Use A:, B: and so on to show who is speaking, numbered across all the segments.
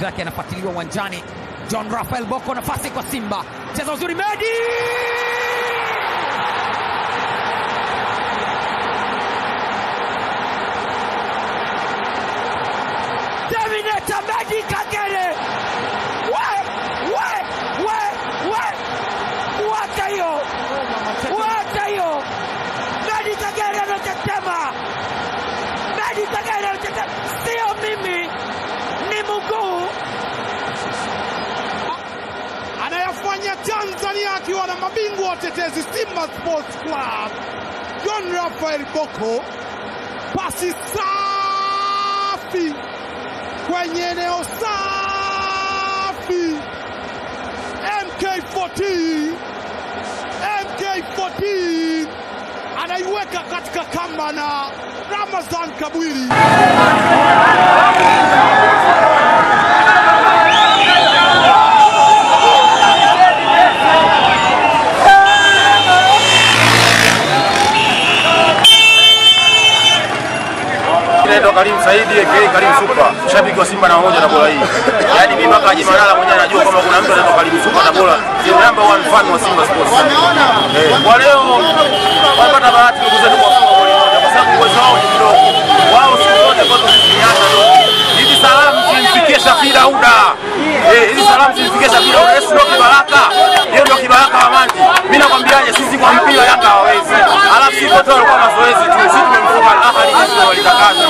A: yake anafuatiliwa uwanjani. John Rafael Boko, nafasi kwa Simba, cheza uzuri Medi Tanzania akiwa na mabingwa watetezi Simba Sports Club. John Rafael Boko, pasi safi kwenye eneo safi, MK14 MK14 anaiweka katika kamba na Ramazan Kabwili
B: anaitwa Karim Saidi aka Karim Super, shabiki wa Simba na moja na bola hii. Yaani mimi mpaka Haji Manara mwenyewe anajua kama kuna mtu anaitwa Karim Super na bola ni number one fan wa Simba Sports. Eh, kwa leo wamepata bahati ndugu zetu kwa kufunga goli moja kwa sababu uwezo wao ni mdogo. Wao siku zote kwa sisi Yanga ndio hizi salamu zimfikie Shafii Dauda. Eh, hizi salamu zimfikie Shafii Dauda. Yesu ndio kibaraka. Yeye ndio kibaraka wa Mandi. Mimi nakwambiaje sisi kwa mpira Yanga hawawezi. Alafu sisi kwa mazoezi tu. Sisi tumemfunga Al-Ahli sisi walitakaza.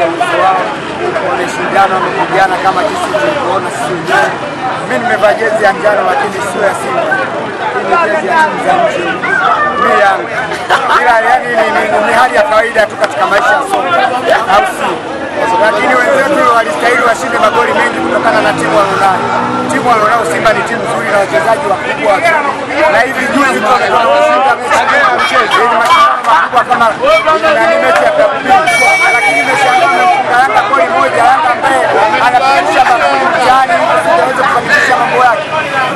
C: ya uso wao, wameshindana, wamepigana kama jinsi tulivyoona sisi wenyewe. Mimi nimevaa jezi ya njano, lakini sio ya Simba, ni jezi ya timu za nje, mi yangu ila yani ni ni, ni, ni hali ya kawaida tu katika maisha ya soka, au si? Lakini wenzetu walistahili washinde magoli mengi kutokana na timu walionayo. Timu walionayo Simba ni timu nzuri na wachezaji wakubwa, na hivi juzi kushinda mechi mchezo makubwa kama nani, mechi ya klabu, lakini mechi ya Yanga goli moja, Yanga mbele anapitisha bakuli mjani aweze kufanikisha mambo yake.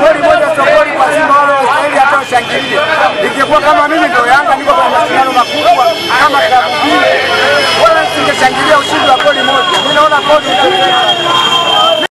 C: Goli moja sio goli kwa Simba wale Waisraeli hata washangilie. Ingekuwa kama mimi ndio Yanga niko kwenye mashindano makubwa kama klabu hii, wala singeshangilia ushindi wa goli moja. Mimi naona goli